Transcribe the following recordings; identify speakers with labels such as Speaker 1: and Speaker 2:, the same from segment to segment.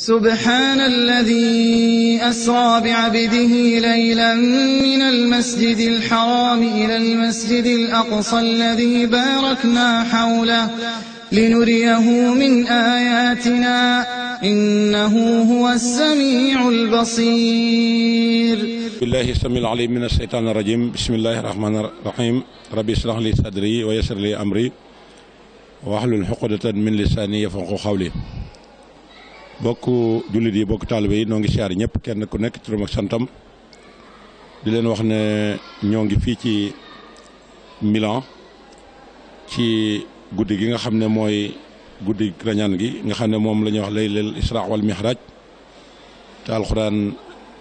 Speaker 1: سبحان الذي أسرى بعبده ليلا من المسجد الحرام إلى المسجد الأقصى الذي باركنا حوله لنريه من آياتنا إنه هو السميع البصير
Speaker 2: بالله السميع العليم من الشيطان الرجيم بسم الله الرحمن الرحيم ربي اشرح لي صدري ويسر لي أمري واحلل حقدة من لساني يفقه قولي bokku julit yi bokku taalibe yi ñongi xiar siyaar ñëpp kenn ku nekk turum ak santam di leen wax ne ñongi fi ci Milan ci guddi gi nga xamne moy guddi grañan gi nga xamne mom moom wax laylal isra wal mihraj ta alquran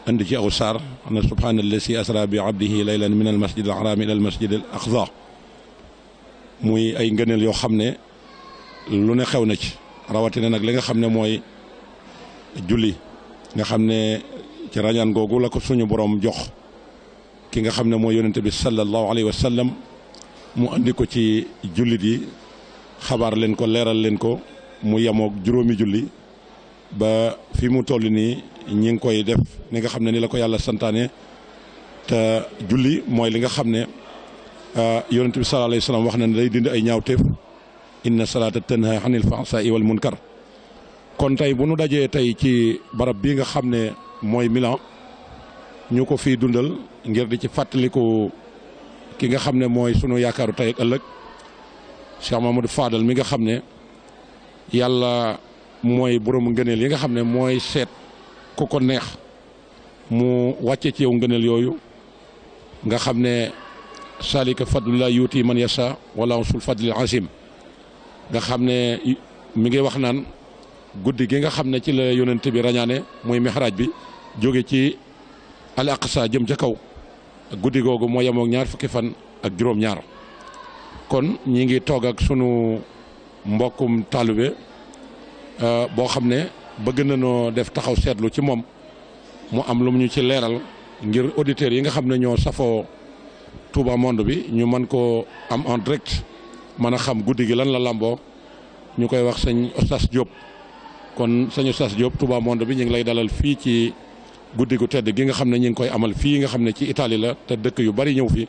Speaker 2: andi ci aw saar xam ne asra bi abdihi laylan min al masjid al haram ila al masjid al aqsa muy ay ngeenel yo xamne lu ne xewna ci rawatina nak li nga xamne moy julli nga xam ne ci ràññaan googu la ko suñu boroom jox ki nga xam ne mooy yonente bi sallallahu alayhi wa mu andi ko ci jullit yi xabaar leen ko leeral leen ko mu yemoog juróomi julli ba fi mu toll nii ñi ngi koy def ni nga xam ne ni la ko yàlla santaane te julli mooy li nga xam ne yonente bi sallallahu wax na ne day dindi ay ñaawteef inna salaata tanha anil fahsaa'i wal munkar kon tey bu nu dajee tey ci barab bii nga xam ne mooy Milan ñu ko fii dundal ngir di ci fàttaliku ki nga xam ne mooy sunu yaakaaru tey ak ëllëg Cheikh Mamadou Fadal mi nga xam ne yàlla mooy borom ngëneel yi nga xam ne mooy seet ku ko neex mu wàcce ci yow ngëneel yooyu nga xam ne salika fadlullah yuuti man yasa wala sul fadlil azim nga xam ne mi ngi wax naan guddi gi nga xam ne ci la yonent bi rañaane muy mixraaj bi jóge ci al aqsa jëm ca kaw guddi googu moo yemook ñaar fukki fan ak juróom-ñaar kon ñi ngi toog ak sunu mbokkum taalibe euh, boo xam ne bëgg nañoo def taxaw seetlu ci moom mu am lu mu ñu ci leeral ngir auditeurs yi nga xam ne ñoo safoo Touba Monde bi ñu mën koo am en direct mën a xam guddi gi lan la làmboo ñu koy wax sëñ Oustaz Diop kon sañu Sass Diop Touba Monde bi ñu ngi lay dalal fii ci guddi gu tedd gi nga xam ne ñu ngi koy amal fii nga xam ne ci itali la te dëkk yu bari ñëw fi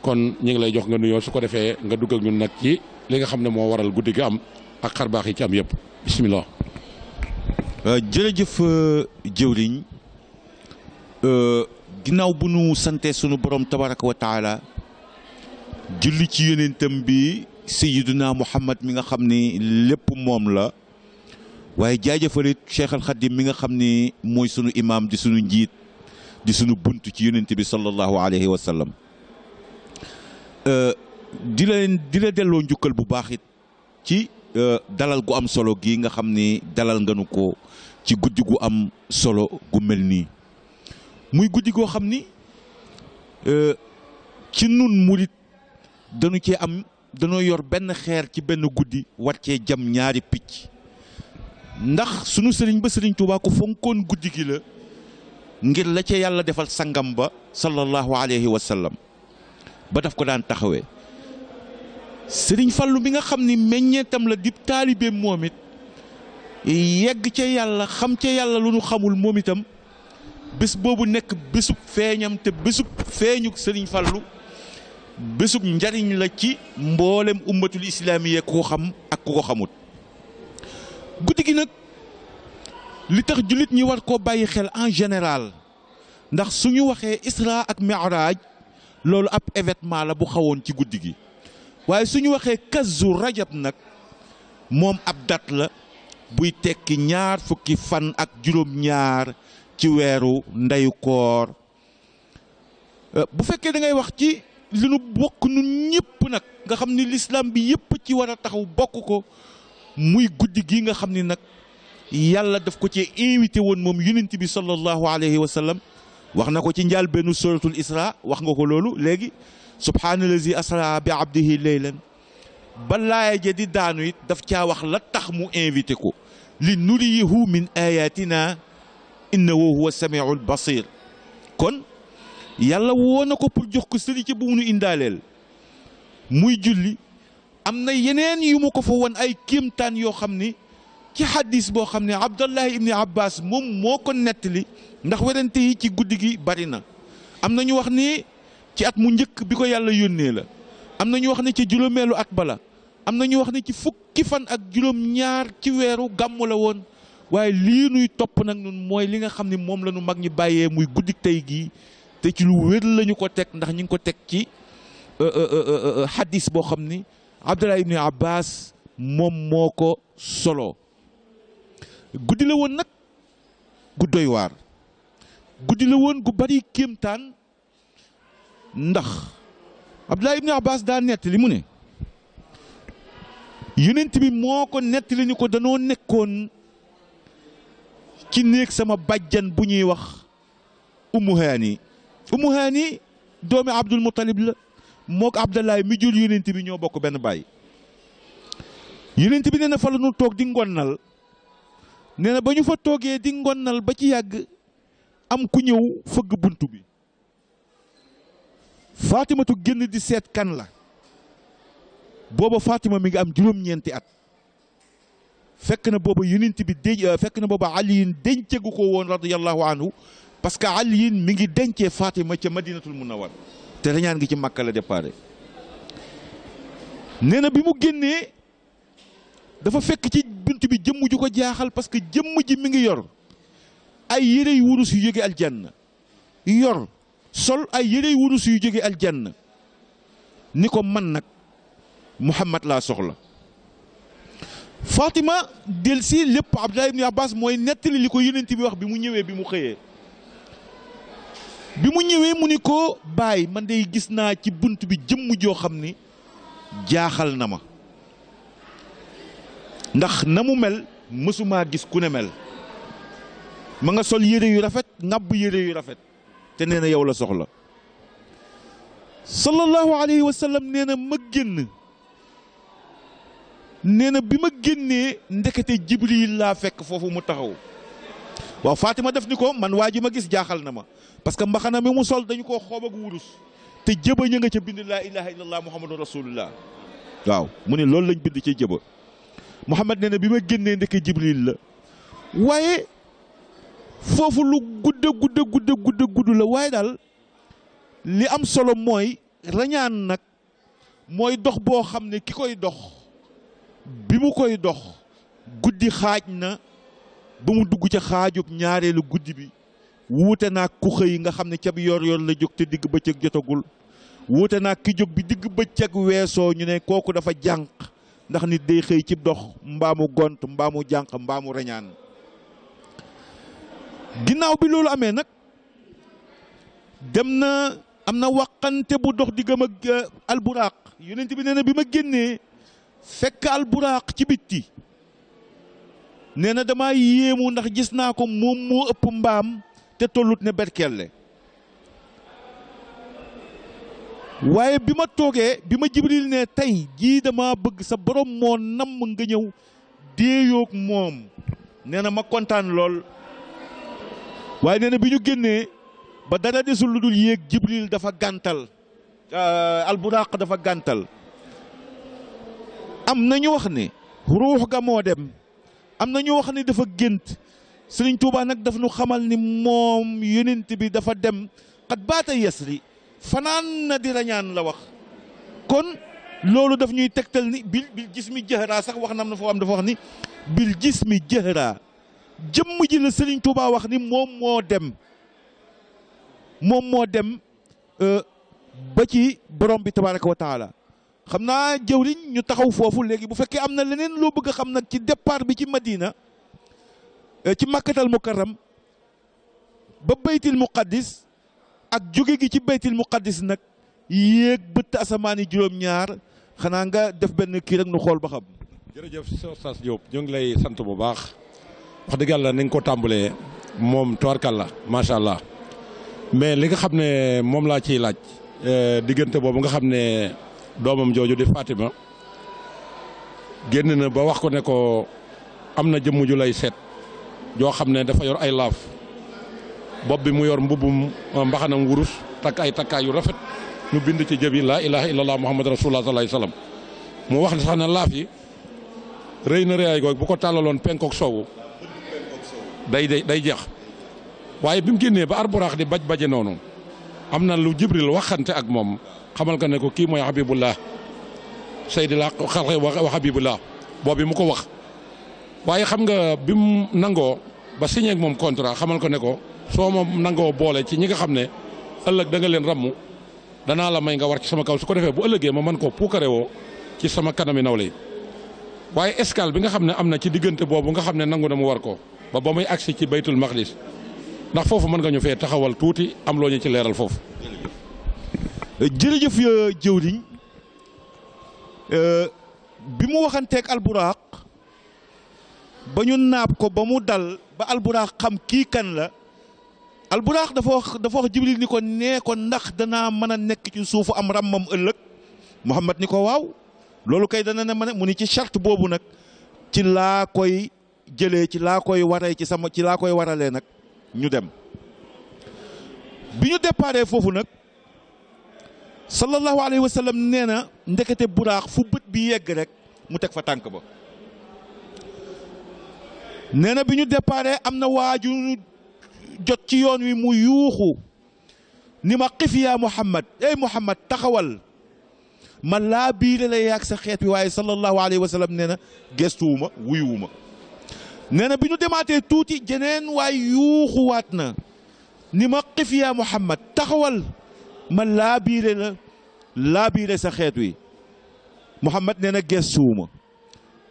Speaker 2: kon ñu ngi lay jox nga nuyoo su ko defee nga dugg ak ñun nag ci li nga xam ne moo waral guddi gi am ak xar yi ci am yëpp bisimilah. Euh, jërëjëf euh, jëwriñ euh, ginnaaw bu nu
Speaker 1: sante sunu borom tabaraka wa taala julli ci yonentam bi sayyiduna Muhammad mi nga xam ni lépp moom la. waaye jaajëfalit Cheikh Al mi nga xam ni mooy sunu imaam di sunu njiit di sunu bunt ci yonent bi sallallahu alayhi wa sallam euh, di la delloo njukkal bu baax it ci euh, dalal gu am solo gii nga xam ni dalal nganu ko ci guddi gu am solo gu mel nii muy guddi goo xam ni euh, ci nun murit dañu cee am dañoo yor benn xeer ci benn guddi wat cee jam ñaari picc ndax sunu sëriñ ba sëriñ Touba fonkoon guddi gi la ngir la ca yàlla defal sangam ba sallallahu alayhi wa sallam ba daf ko daan taxawee sëriñ Fallou bi nga xam ni meññeetam la dib taalibeem moom it yegg ca yàlla xam ca yàlla lu nu xamul moom itam bés boobu nekk bésub feeñam te bésub feeñuk sëriñ Fallou bésub njariñ la ci mboolem ummatul islaamiya ku ko xam ak ku ko xamut guddi gi nag li tax jullit ñi war koo bàyyi xel en général ndax su ñu waxee isra ak mi'raj loolu ab événement la bu xawoon ci guddi gi waaye su ñu waxee kazu rajab nag moom ab date la buy tekki ñaar fukki fan ak juróom-ñaar ci weeru ndeyu koor euh, bu fekkee da ngay wax ci li nu bokk nun ñëpp nag nga xam ni lislaam bi yëpp ci war a taxaw bokk ko muy guddi gi nga xamni nak yàlla daf ko ci invité won mom yunit bi sallallahu alayhi wa sallam wax ko ci njal benu suratul isra wax nga ko lolou legi subhanallazi asra bi abdihi laylan ba laaya ja di daanu it daf ci wax la tax mu invité ko li nuriyihu min ayatina innahu huwa samiul basir kon yàlla wonako pour jox ko sëri ci bu mu muy julli am na yeneen yu mu ko fa won ay kéemtaan yoo xam ni ci xadis boo xam ne Abdallahi ibni Abbas moom moo ko nettali ndax werante yi ci guddi gi bari na am na ñu wax ni ci at mu njëkk bi ko yàlla yónnee la am na ñu wax ni ci juróomeelu at bala am na ñu wax ni ci fukki fan ak juróom-ñaar ci weeru gàmmu la woon waaye lii nuy topp nag ñun mooy li nga xam ni moom la ñu mag ñi bàyyee muy guddi tey gii te ci lu wér lañu ko teg ndax ñu ngi ko teg ci xadis euh, euh, euh, boo xam ni. Abdallah ibni Abbas moom moo ko solo guddi la woon nag gu doy waar guddi la woon gu bari kéemtaan ndax Abdallah ibni Abbas daa nettali mu ne yonent bi moo ko nettali ni ko danoo nekkoon ci néeg sama bàjjan bu ñuy wax Ummu Haani Ummu Haani doomi Abdul Muttalib mook Abdallah mi jur yonent bi ñoo bokk benn baay yonent bi nee na fa la toog di ngonnal nee na ba ñu fa toogee di ngonnal ba ci yàgg am ku ñëw fëgg bunt bi Fatimatu génn di seet kan la booba Fatima mi ngi am juróom-ñeenti at fekk na booba yonent bi déj euh, fekk na booba Aliyin denceegu ko woon radiyallahu anhu parce que Aliyin mi ngi dencee Fatima ca Madinatul Munawwar te rañaan ngi ci màkk la déparé nee na bi mu génnee dafa fekk ci bunt bi jëmm ju ko jaaxal parce que jëmm ji mi ngi yor ay yére yu wurus yu jóge aljanna yor sol ay yére yu wurus yu jóge aljanna ni ko man nag mu Muhammad laa soxla Fatima delsi lépp Abdullah ibn Abbas mooy nettali li ko yonent bi wax bi mu ñëwee bi mu xëyee bi mu ñëwee mu ni ko baay man day gis naa ci bunt bi jëmm joo xam ni jaaxal na ma ndax na mu mel mësumaa gis ku ne mel ma nga sol yére yu rafet ngàbb yére yu rafet te nee na yow la soxla sallallahu alayhi wa sallam nee na ma génn nee na bi ma génnee ndekete jibril laa fekk foofu mu taxaw wa Fatima def niko man wajuma gis jaxal na ma parce que mbakhana mi mu sol dañ ko xob ak wurus te jëba ña nga ca bind la ilaha illallah muhammadur rasulullah waaw mu ne loolu lañ bind ci jëba Muhammad nee bima genné ndek Jibril la waye fofu lu gudde gudde gudde gudde gudde la waye dal li am solo moy rañaan nak moy dox bo xamne ne dox bimu koy dox guddi xajna ba mu dugg ca xaajub ñaareelu guddi bi wuute naag ku xëy nga xam ne ca bi yor-yor la jóg te digg bëccëg jotagul wuute naag ki jóg bi digg bëccëg weesoo ñu ne kooku dafa jànq ndax nit day xëy ci dox mbaamu gont mbaamu jànq mbaamu reñaan ginnaaw bi loolu amee nag dem na am na waqante bu dox diggam ak eh, alburaaq yonent bi nee na bi ma génnee fekk alburaaq ci bitti. nee na damaa yéemu ndax gis naa ko moom moo ëpp mbaam te tollut ne berkelle waaye bi ma toogee bi ma jibril ne tey jii dama bëgg sa boroom moo namm nga ñëw déeyoog moom nee na ma kontaan lool waaye nee na bi ñu génnee ba dara desul lu dul yéeg jibril dafa gantal euh, alburaq dafa gantal am nañu wax ne ruux ga moo dem am na ñu wax ni dafa gént sëriñ Tuubaa nag daf ñu xamal ni moom yonent bi dafa dem xat baata yasri fanaan na di rañaan la wax kon loolu daf ñuy tegtal ni bil bil gis mi jëhëraa sax wax na am na foo am dafa wax ni bil gis mi jëhëraa jëmm ji la sëriñ Tuubaa wax ni moom moo dem moom moo dem euh, ba ci borom bi tabaaraka wa taala xam naa jëwriñ ñu taxaw foofu léegi bu fekkee am na leneen loo bëgg xam nag ci départ bi ci Madina eh, ci makkatal mukarram ba baytil mukadis ak jóge gi ci baytil muqaddis nag yéeg bëtt asamaani juróom-ñaar xanaa nga def benn kii rek nu xool ba xam.
Speaker 2: jërëjëf soo Sass Diop ñu lay sant bu baax wax dëgg yàlla ni ko tàmbalee moom toorkal la macha allah mais li nga xam ne moom laa ciy laaj eh, diggante boobu nga xam ne. doomam jooju di Fatima génn na ba wax ko ne ko am na jëmm ju lay seet joo xam ne dafa yor ay laaf bopp bi mu yor mbubbum euh, mbaxanam wurus takk ay takkaay yu rafet ñu bind ci jëbi laa ilaha illallah muhammad rasulullah sallallahu mu wax ne sax ne laaf yi rëy na rëyaay googu bu ko tàllaloon penkook soowu day day day jeex waaye bi mu génnee ba arburaax di baj baje noonu am na lu jibril waxante ak moom xamal ko ne ko kii mooy Habibullah Seydil xalqi wa Habibullah boobu mu ko wax waaye xam nga bi mu nangoo ba siñeek moom contrat xamal ko ne ko soo ma nangoo boole ci ñi nga xam ne ëllëg da nga leen ràmm danaa la may nga war ci sama kaw su ko defee bu ëllëgee ma mën koo puukare woo ci sama kanami nawle yi waaye escale bi nga xam ne am na ci diggante boobu nga xam ne nangu na mu war ko ba ba muy agsi ci baytul maqdis ndax foofu mën nga ñu fee taxawal tuuti am loo ñu ci leeral foofu jërëjëf euh, jëwriñ euh,
Speaker 1: bi mu waxanteeg alburaaq ba ñu naab ko ba mu dal ba alburaaq xam kii kan la alburaaq dafa wax dafa ko nee ko ndax danaa mën a nekk ci suufu am ràmmam ëllëg muhammad ni ko waaw loolu kay dana ne mën a mu ni ci charte boobu nag ci laa koy jëlee ci laa koy waree ci sama ci laa koy waralee nag ñu dem bi ñu déparé foofu nag صلى الله عليه وسلم نينا نديكتي براق فبت بي ييغ ريك مو تك فا تانك با نينا بي نيو امنا واجو جوت سي يون قف يا محمد اي محمد تخوال ما لا بير لا ياك سا واي صلى الله عليه وسلم نينا غيستوما ويووما نينا بي نيو ديماتي توتي جنين ويوخواتنا يوخو واتنا قف يا محمد تخوال ma laabiire la laabiire sa xeet wi Muhammad nee na gestuwuma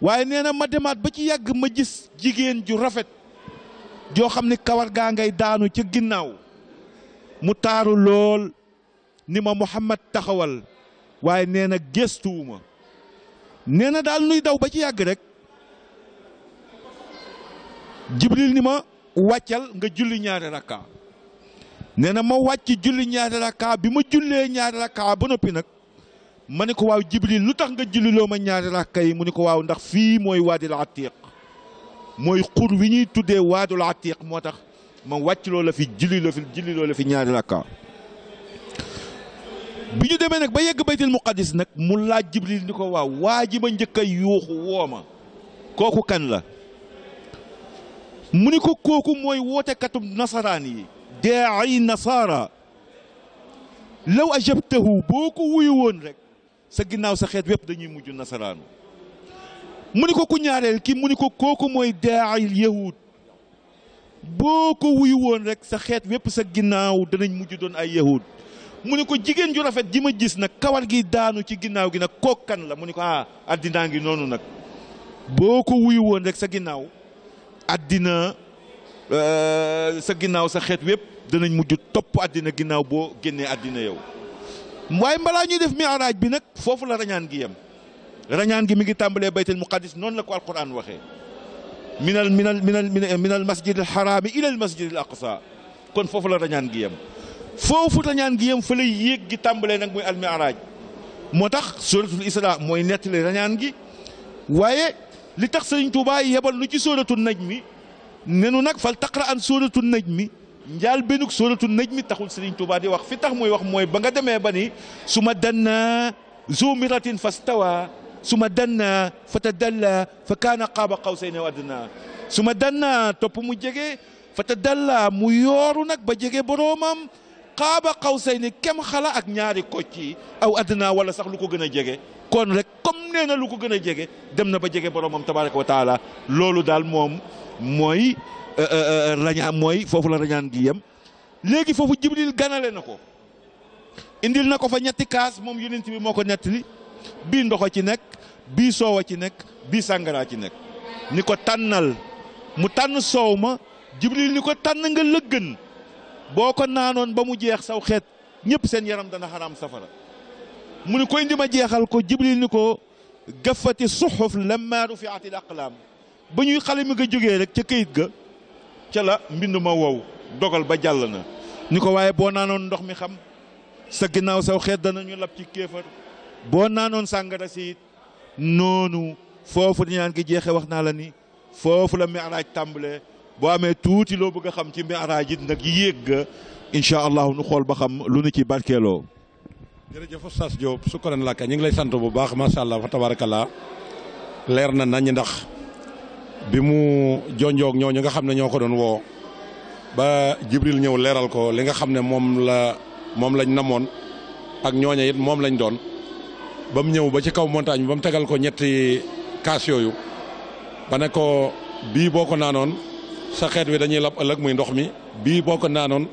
Speaker 1: waaye nee na ma demaat ba ci yàgg ma gis jigéen ju rafet joo xam ni kawar gaa ngay daanu ca ginnaaw mu taaru lool ni ma Muhammad taxawal waaye nee na gestuwuma nee na daal nuy daw ba ci yàgg rek Jibril ni ma wàccal nga julli ñaari rakka neena ma wàcc julli ñaari rakka bi ma julle ñaari rakka ba noppi nag ma ne ko jibril lutax nga julli lo ma ñaari rakka yi muniko waw ndax fi moy wadi al atiq moy qur wi ñi ñuy wadi al atiq motax ma wàcc lo la fi julli lo fi julli lo la fi ñaari rakka bi ñu demee nag ba yegg baytul muqaddis nak mu la jibril niko waw waji ma njëkk a yuuxu woo ma kan la muniko koku moy wote katum nasaraan yi daa'i nasaara law ajabtahu boo ko wuyu woon rek sa ginnaaw sa xeet wépp dañuy mujj nasaraan mu ni ko ku ñaareel ki mu ni ko kooku mooy daa'i yahud boo ko wuyu woon rek sa xeet wépp sa ginnaaw danañ mujj doon ay yahud mu ni ko jigéen ju rafet ji ma gis nag kawar gi daanu ci ginnaaw gi nag kook kan la mu ni ko ah addinaa ngi noonu nag boo ko wuyu woon rek sa ginnaaw addina sa ginnaaw sa xeet wépp danañ mujj topp àddina ginnaaw boo génnee àddina yow waaye mbalaa ñuy def miraaj bi nag foofu la rañaan gi yem rañaan gi mi ngi tàmbalee baytul muqaddis noonu la ko alquran waxee minal minal minal minal masjid al xaraami ilal masjid al aqsa kon fofu la rañaan gi yem foofu rañaan gi yem fa lay yéeg gi tàmbalee nag muy al miraaj suratul isra mooy nettali rañaan gi waaye li tax sëriñ Tuubaa yebal nu ci suratul najmi nenu nag fal taqra an suuratu najmi njaal benuk suuratu najmi taxul Serigne Touba di wax fi tax muy wax mooy ba nga demee ba ni su ma danna zumiratin fastawa su ma danna fatadalla fa kaana qaaba qawsayni aw adnaa su ma danna topp mu jege fatadalla mu yooru nag ba jege boroomam qaaba qawsayni kem xala ak ñaari kocci aw adnaa wala sax lu ko gën a jege kon rek comme nee na lu ko gën a jege dem na ba jege boroomam tabaraka wa taala loolu daal moom mooy rañaan mooy foofu la rañaan gi yem léegi foofu jibril ganale na ko indil na ko fa ñetti kaas moom yonent bi moo ko nettali bii ndoxo ci nekk bii soowa ci nekk bii sàngaraa ci nekk ni ko tànnal mu tànn soow ma jibril ni ko tànn nga lëggën boo ko naanoon ba mu jeex saw xeet ñëpp seen yaram dana xaraam safara mu ni ko indi ma jeexal ko jibril ni ko gafati suxuf lamma rufiatil aqlaam ba ñuy xalima ga jógee rek ca kayit ga ca la mbind ma wow dogal ba jàll na ni ko waaye boo naanoon ndox mi xam sa ginnaaw saw xeet danañu lab ci kéefar boo naanoon sàngara si it noonu foofu ñaan gi jeexe wax naa la ni foofu la miraaj tàmbalee boo amee tuuti loo bëgg a xam ci miraaj it nag yéeg ga incha allahu nu xool ba xam lu nu ci barkeeloo.
Speaker 2: jërëjëf Oustaz Diop sukkuran làkka ñu ngi lay sant bu baax macha allah fa tabarakallah leer na nañ ndax. bi mu jonjoog ñooñu nga xam ne ñoo ko doon woo ba Jibril ñëw leeral ko li nga xam ne moom la moom lañ namoon ak ñooña it moom lañ doon ba mu ñëw ba ci kaw montagne bi ba mu tegal ko ñetti kaas yooyu ba ne ko bii boo ko naanoon sa xeet wi dañuy lab ëllëg muy ndox mi bii boo ko naanoon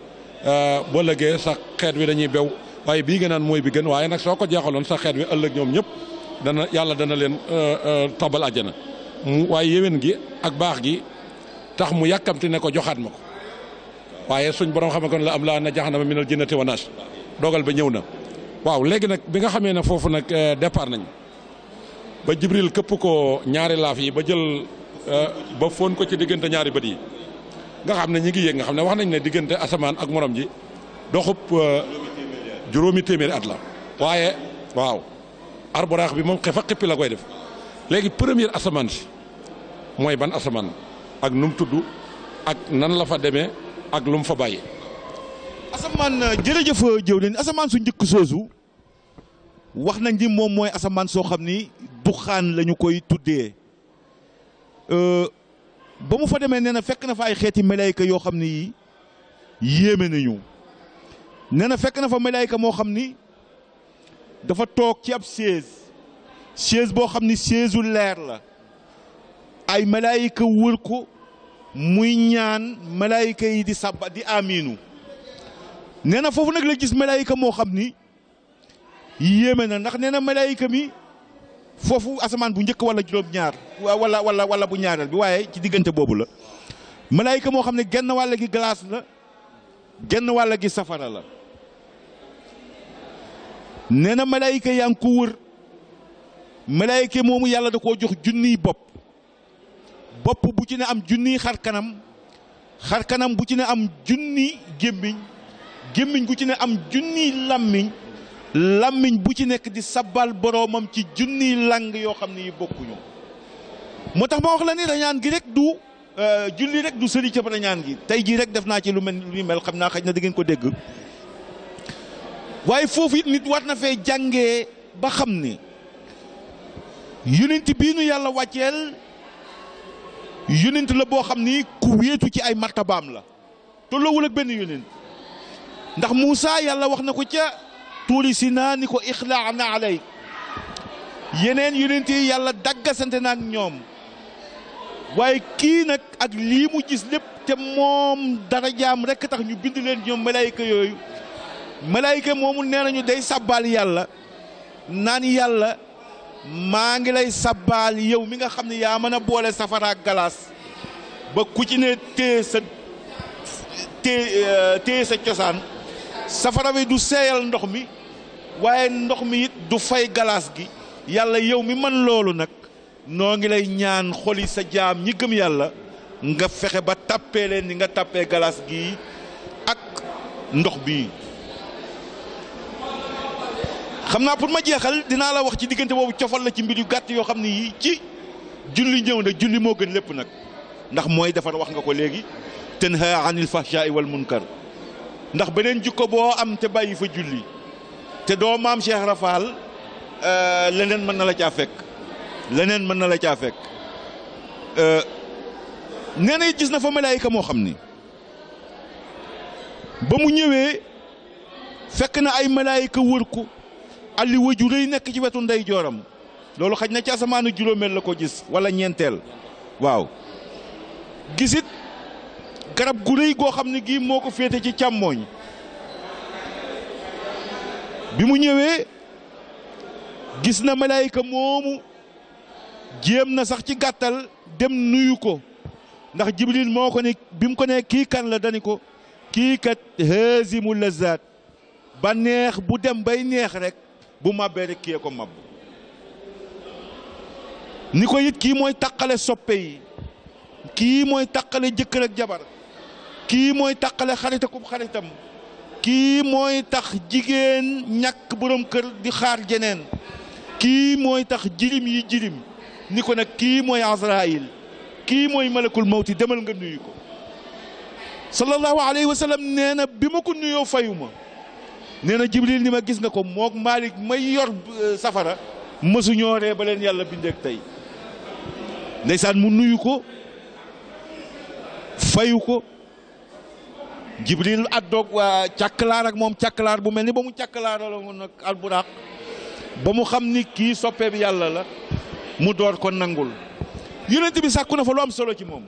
Speaker 2: euh, boo lëgee sa xeet wi dañuy bew waaye bii nga naan mooy bi gën waaye nag soo ko jeexaloon sa xeet wi ëllëg ñoom ñëpp dana yàlla dana leen euh, euh, tabal àjjana waaye yéwén gi ak baax gi tax mu yàkkamti ne ko joxaat ma ko waaye suñ borom xam kon la am laa na mi minal jinnati wa naas dogal ba ñëw na waaw léegi nag bi nga xamee ne foofu nag euh, départ nañ ba Jibril këpp ko ñaari laaf yi ba jël euh, ba foon ko ci diggante ñaari bët yi nga xam ne ñi ngi yéeg nga xam ne wax nañ ne diggante asamaan ak morom ji doxub euh, juróomi téeméeri at la waaye waaw arboraax bi moom xefa xippi la koy def léegi première asamaan si mooy ban asamaan ak nu mu tudd ak nan la fa demee ak lu mu fa bàyyi.
Speaker 1: asamaan euh, jërëjëf euh, jëw leen asamaan su njëkk soosu wax nañ ni moom mooy asamaan soo xam ni duxaan xaan lañu koy tuddee euh, ba mu fa demee nee na fekk na fa ay xeeti melayka yoo xam ni yéeme nañu nee na fekk na fa melayka moo xam ni dafa toog ci ab chaise chaise boo xam ni chaise u leer la. ay malaayika wër ko muy ñaan malaayika yi di sàbba di amiinu nee na foofu nag la gis malaayika moo xam ni yéeme na ndax nee na malaayika mi foofu asamaan bu njëkk wala juróom-ñaar wala wala bu ñaareel bi waaye ci diggante boobu la malaayika moo xam ne genn wàll gi glace la genn wàll gi safara la nee na malaayika yaa ngi ko wër malaayika moomu yàlla da koo jox junniy bopp bopp bu ci ne am junniy xar kanam xar kanam bu ci ne am junni gémmiñ gémmiñ gu ci ne am junniy làmmiñ làmmiñ bu ci nekk di sabbal boroomam ci junniy lang yoo xam ne yi bokkuñu moo tax ma wax la ni rañaan gi rek du euh, julli rek du sëri ca rañaan gi tey jii rek def naa ci lu mel lu mel xam naa xaj na da ngeen ko dégg waaye foofu nit war na fee jàngee ba xam ni yonent bii nu yàlla wàcceel yonent la boo xam ni ku wéetu ci ay martabaam la tolloowul ak benn yonent ndax Moussa yàlla wax na ko ca tuuri Sinaa ni ko ixlaa na alay yeneen yonent yi yàlla daggasante na ak ñoom waaye kii nag ak lii mu gis lépp te moom darajaam rekk tax ñu bind leen ñoom malaayika yooyu malaayika moomu nee nañu day sàbbaal yàlla naan yàlla maa ngi lay sabbaal yow mi nga xam ne yaa mën a boole safara galaas ba ku ci ne téye sa euh, téye sa cosaan safara bi du seeyal ndox mi waaye ndox mi it du fay galaas gi yàlla yow mi man loolu nag noo ngi lay ñaan xoli sa jaam ñi gëm yàlla nga fexe ba tàppee leen ni nga tàppee galaas gi ak ndox bi xamna pour ma jexal dina la wax ci digënté bobu ciofal la ci mbir yu gàtt yo xamni ci julli ñëw na julli mo gën lépp nak ndax moy defar wax nga ko legi tanha anil fahsha'i wal munkar ndax benen jikko bo am te bàyyi fa julli te do maam Cheikh rafal euh leneen man na la ca fek leneen man na la ca fek euh na gis na fa malaika mo xamni ba mu ñewé fekk na ay malaika wër ko alliwa ju nekk ci wetu ndeyjooram loolu xaj na ci asamaanu juróomeel la ko gis wala ñeenteel waaw gisit garab gu rëy goo xam ne gii moo ko féete ci càmmooñ bi mu ñëwee gis na malaayika moomu jéem na sax ci gàttal dem nuyu ko ndax jibril moo ko ne bi mu ko ne kii kan la dani ko kii kat haasimu lazzaat ba neex bu dem bay neex rek bu màbbee rek kiyee ko màbb ni ko it kii mooy soppe yi kii mooy taqale jëkkër ak jabar kii mooy taqale xarit akub xaritam kii mooy tax jigéen ñàkk borom kër di xaar jeneen kii mooy tax jirim yi jirim ni ko nag kii mooy Azraayil kii malakul mawti demal nga nuyu ko sallallahu alayhi wa sallam nee ko nuyoo fayu nee na jibril ni ma gis nga ko mook Malick may yor euh, safara mësuñoo ree ba leen yàlla bindeek tey ndeysaan mu nuyu ko fayu ko jibril addoog waa càkkalaar ak moom càkkalaar bu mel ni ba mu càkkalaarala woon nag alburaaq ba mu xam ni kii soppee bi yàlla la mu door ko nangul yonent bi sàkku na fa lu am solo ci moom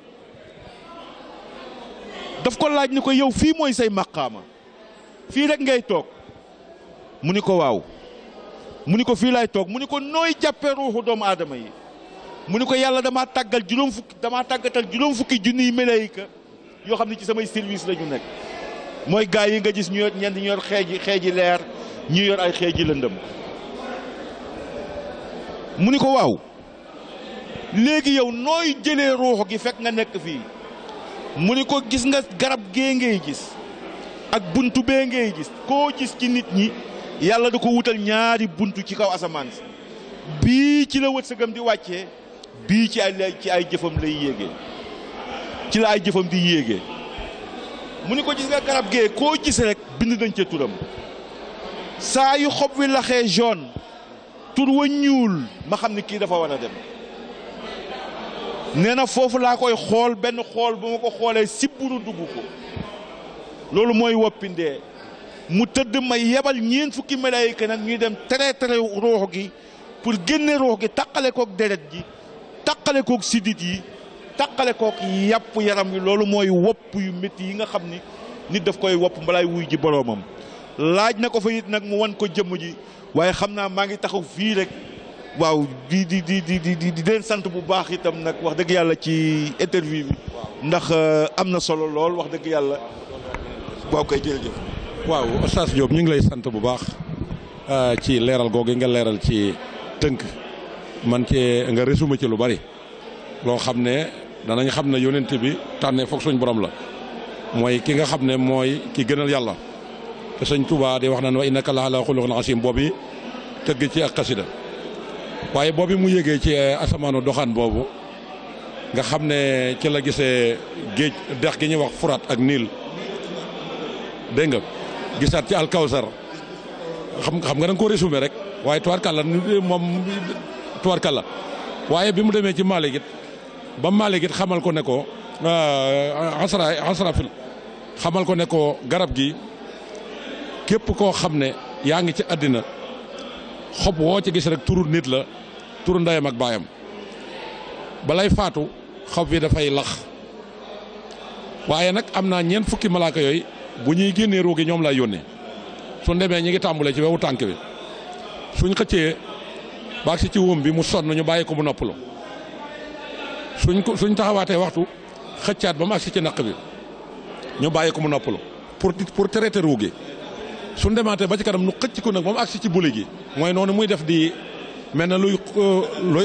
Speaker 1: daf ko laaj ni ko yow fii mooy say maqaama fii rek ngay toog mu ni ko waaw mu ni ko fii laay toog mu ni ko nooy jàppee ruuxu doomu aadama yi mu ni ko yàlla damaa tàggal juróom fukki damaa tàggatal juróom fukki junniy melaayika yoo xam ne ci samay service lañu nekk mooy gaa yi nga gis ñu yor ñenn ñu yor xeeji xeeji leer ñu yor ay xeeji lëndëm mu ni ko waaw léegi yow nooy jëlee ruux gi fekk nga nekk fii mu ni ko gis nga garab gee ngay gis ak bunt bee ngay gis koo gis ci nit ñi yàlla da ko wutal ñaari buntu ci kaw asamaan si bii ci la wërsëgam di wàcce bii ci ay ci ay jëfam lay yéege ci la ay jëfam di yéege mu ni ko gis nga garab gee koo gis rek bind nañ ca turam saa yu xob wi laxee jaune tur wa ñuul ma xam ne kii dafa war a dem nee na foofu laa koy xool benn xool bu ma ko xoolee sibburu dugg ko loolu mooy woppindee mu tëdd may yebal ñeen fukki malaayika nag ñuy dem tere tere ruux gi pour génne ruux gi taqale kook deret ji taqale kook sidit yi taqale kook yàpp yaram wi loolu mooy wopp yu métti yi nga xam ni nit daf koy wopp mbalaay wuy ji boroomam laaj na ko fa it nag mu wan ko jëmm ji waaye xam naa maa ngi taxaw fii rek waaw di di di di di di leen sant bu baax itam nag wax dëgg yàlla ci interview bi ndax euh, am na solo lool wax dëgg yàlla waaw koy jërëjëf
Speaker 2: waaw Oustaz Diop ñu ngi lay sant bu baax euh, ci leeral googu nga leeral ci tënk man cee nga résumé ci lu bari loo xam ne danañ xam ne yonent bi tànnee foog suñ boroom la mooy ki nga xam ne mooy ki gënal yàlla te sëñ Touba di wax naan wa innaka la ala xuluqin asim boobu tëgg ci ak xasida waaye boobu mu yégee ci euh, asamaanu doxaan boobu nga xam ne ci la gisee géej dex gi ñuy wax furaat ak niil dégg nga gisaat ci alkawsar xam xam nga da nga koo résumé rek waaye tubaarkàlla moom tubaarkàlla waaye bi mu demee ci Malick it ba Malick xamal ko ne ko euh, asra asrafil xamal ko ne ko garab gi képp koo xam ne yaa ngi ci àddina xob woo ci gis rek turu nit la turu ndeyam ak baayam balay faatu xob bi dafay lax waaye nag am naa ñeent fukki malaaka yooyu bu ñuy génnee ruu gi ñoom lay yónnee suñ demee ñi ngi tàmbalee ci wewu tànk bi suñ xëccee baag ci wóom bi mu sonn ñu bàyyi ko mu noppalu suñ ko suñ taxawaatee waxtu xëccaat ba mu agsi ci naq bi ñu bàyyi ko mu noppalu pour pour traiter ruu gi suñ demaatee ba ci kanam nu xëcc ko nag ba mu agsi ci buli gi mooy noonu muy def di mel na luy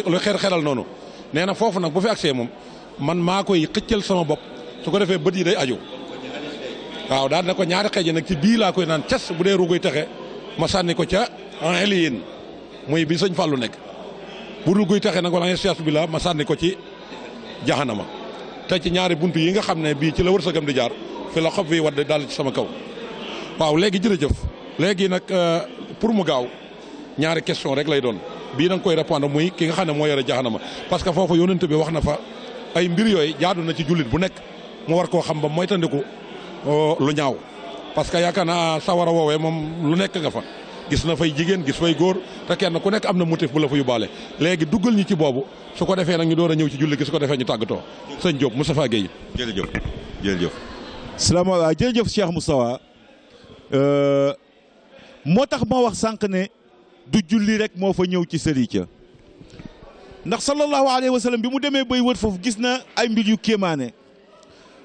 Speaker 2: luy xer xeral noonu nee na foofu nag bu fi agsee moom man maa koy xëccal sama bopp su ko defee bët yi day aju waaw daal na ko ñaari xeeje nag ci bii laa koy naan cas bu dee ruuguy texe ma sànni ko ca en liin muy bi sëñ Fallou nekk bu ruuguy texe nag wala cas bi la ma sànni ko ci jaxanama te ci ñaari bunt yi nga xam ne bii ci la wërsëgam di jaar fi la xob wi wadd daal ci sama kaw waaw léegi jërëjëf léegi nag euh, pour mu gaaw ñaari question rek lay doon bii na nga koy répondre muy ki nga xam ne moo yore jaxanama parce que foofu yonent bi wax na fa ay mbir yooyu jaadu na ci jullit bu nekk mu war koo xam ba moytandiku lu ñaaw parce que yaakaar naa sawara woowee moom lu nekk nga fa gis na fay jigéen gis fay góor te kenn ku nekk am na motif bu la fa yóbbaale léegi duggal ñu ci boobu su ko defee nag ñu door a ñëw ci julli gi su ko defee ñu tàggatoo sëñ Diop Moustapha Guèye jërëjëf jërëjëf
Speaker 1: salaamaaleykum jërëjëf Cheikh Moustapha euh, moo tax ma wax sànq ne du julli rek moo fa ñëw ci sëriñ ca ndax sallallahu alayhi wa sallam bi mu demee bay wër foofu gis na ay mbir yu kéemaane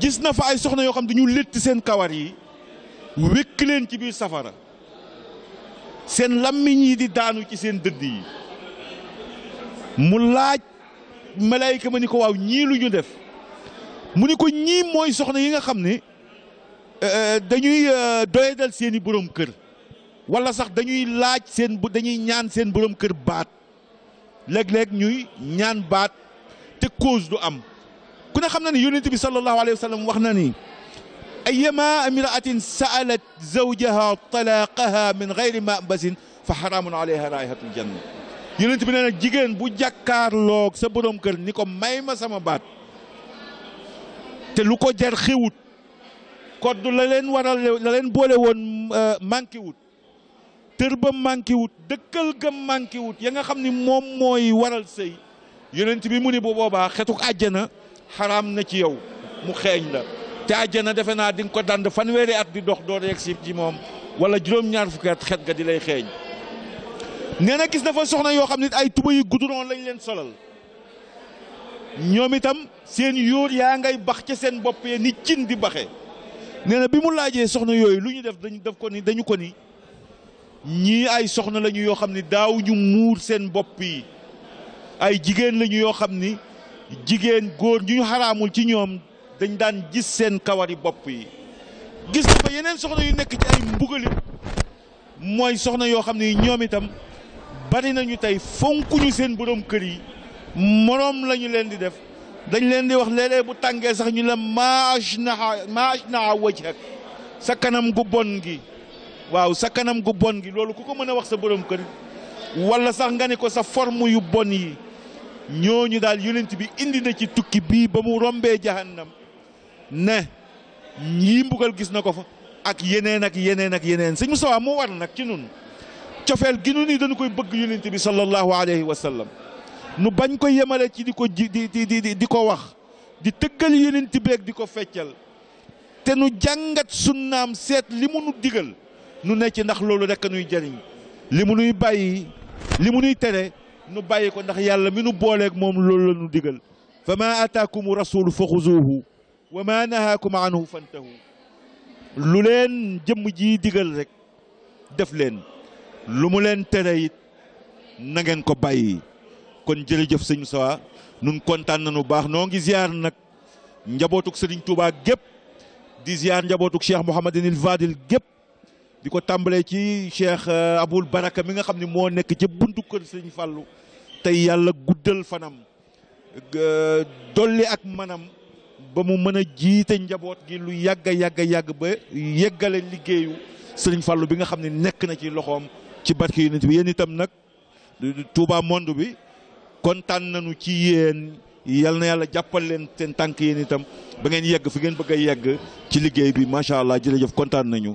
Speaker 1: gis na fa ay soxna yoo xam ne ñu létt seen kawar yi wékk leen ci biir safara seen lammiñ yi di daanu ci seen dëdd yi mu laaj malayka ma ni ko waaw ñii lu ñu def mu ni ko ñii mooy soxna yi nga xam ne eh, eh, dañuy eh, doydal seeni boroom kër walla sax dañuy laaj seen dañuy ñaan seen boroom kër baat léeg-léeg ñuy ñaan baat te cause du am كنا خمنا يونيتي بي صلى الله عليه وسلم وخناني أيما امرأة سألت زوجها طلاقها من غير مأبس فحرام عليها رائحة الجنة يونيتي بي جيجن بو جاكار لوك سبروم كر نيكو مايما سما بات تلوكو جار خيوت كردو لالين ورا لالين بولي ون مانكي ووت تربا مانكي ووت دكال غم مانكي ووت يانا خمني موم موي ورا السي يونيتي بي موني بو بابا خيتوك أجنة haram na ci yow mu xeeñ la te àjjana defe naa di ko dand fan wéré at di dox do rek si ci mom wala juróom-ñaar fukk at xet ga di lay xeeñ nee gis na fa soxna yo xamni ay tuba yu gudduroon lañ leen solal ñoom itam seen yóor ya ngay bax ci seen bop ye ni cin di baxe nee bi mu laajee soxna yoy lu ñu def dañu def ko ni dañu ko ni ñi ay soxna lañu yo xamni daawu ñu muur seen bop yi ay jigen lañu yo xamni jigéen góor ñu ñu xaraamul ci ñoom dañ daan gis seen kawari bopp yi gis na fa yeneen soxna yu nekk ci ay mbugalit mooy soxna yoo xam ne ñoom itam bari nañu tey fonkuñu seen boroom kër yi moroom lañu leen di def dañ leen di wax léeg bu tàngee sax ñu la maaj naa maaj naa wajhak sa kanam gu bon gi waaw sa kanam gu bon gi loolu ku ko mën a wax sa boroom kër walla sax nga ni ko sa form yu bon yi ñooñu daal yonent bi indi na ci tukki bii ba mu rombee jahannam ne ñii mbugal gis na ko fa ak yeneen ak yeneen ak yeneen sëñ Moustapha moo war nag ci nun cofeel gi nu ni dañu koy bëgg yonent bi sallallahu alayhi wa sallam nu bañ ko yemale ci di ko ji di di di ko wax di tëggal yonent bi ak di ko feccal te nu jàngat sunnaam seet li mu nu digal nu ne ci ndax loolu rekk nuy jariñ li mu nuy bàyyi li mu nuy tere nu bàyyi ko ndax yàlla mi nu booleeg moom loolu la nu digal fa maa ataakumu rasulu fa xuzuuhu wa maa nahaakum anhu fantahu lu leen jëmm ji digal rek def leen lu mu leen tere it na ngeen ko bàyyi kon jërëjëf sëñ Moussa nun kontaan nañu baax noo ngi ziar nag njabootuk sëriñ Touba gépp di ziar njabootuk cheikh Mouhamadinil Vadil gépp di ko tàmbalee ci cheikh Aboul Baraka mi nga xam ne moo ci buntu kër sëriñ Fallou tey yàlla guddal fanam dolli ak manam ba mu mën a jiite njaboot gi lu yàgg a yàgg a yàgg ba yeggale liggéeyu sëriñ Fallou bi nga xam ne nekk na ci loxoom ci barke yonent bi yéen itam nag Touba Monde bi kontaan nañu ci yéen yal na yàlla jàppal leen seen tànk yéen itam ba ngeen yegg fi ngeen bëgg a yegg ci liggéey bi macha allah jërëjëf kontaan nañu.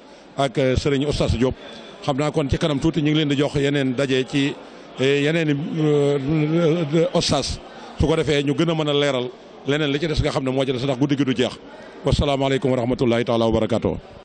Speaker 2: ak euh, sëriñ ostas Diop xam naa kon ci kanam tuuti ñu ngi leen di jox yeneen daje ci euh, yeneen i euh, Oustaz su ko defee ñu gën a mën a leeral leneen li ci des nga xam ne moo ci sa ndax guddi gi du jeex wasalaamaaleykum wa rahmatullahi taala wa barakaatu.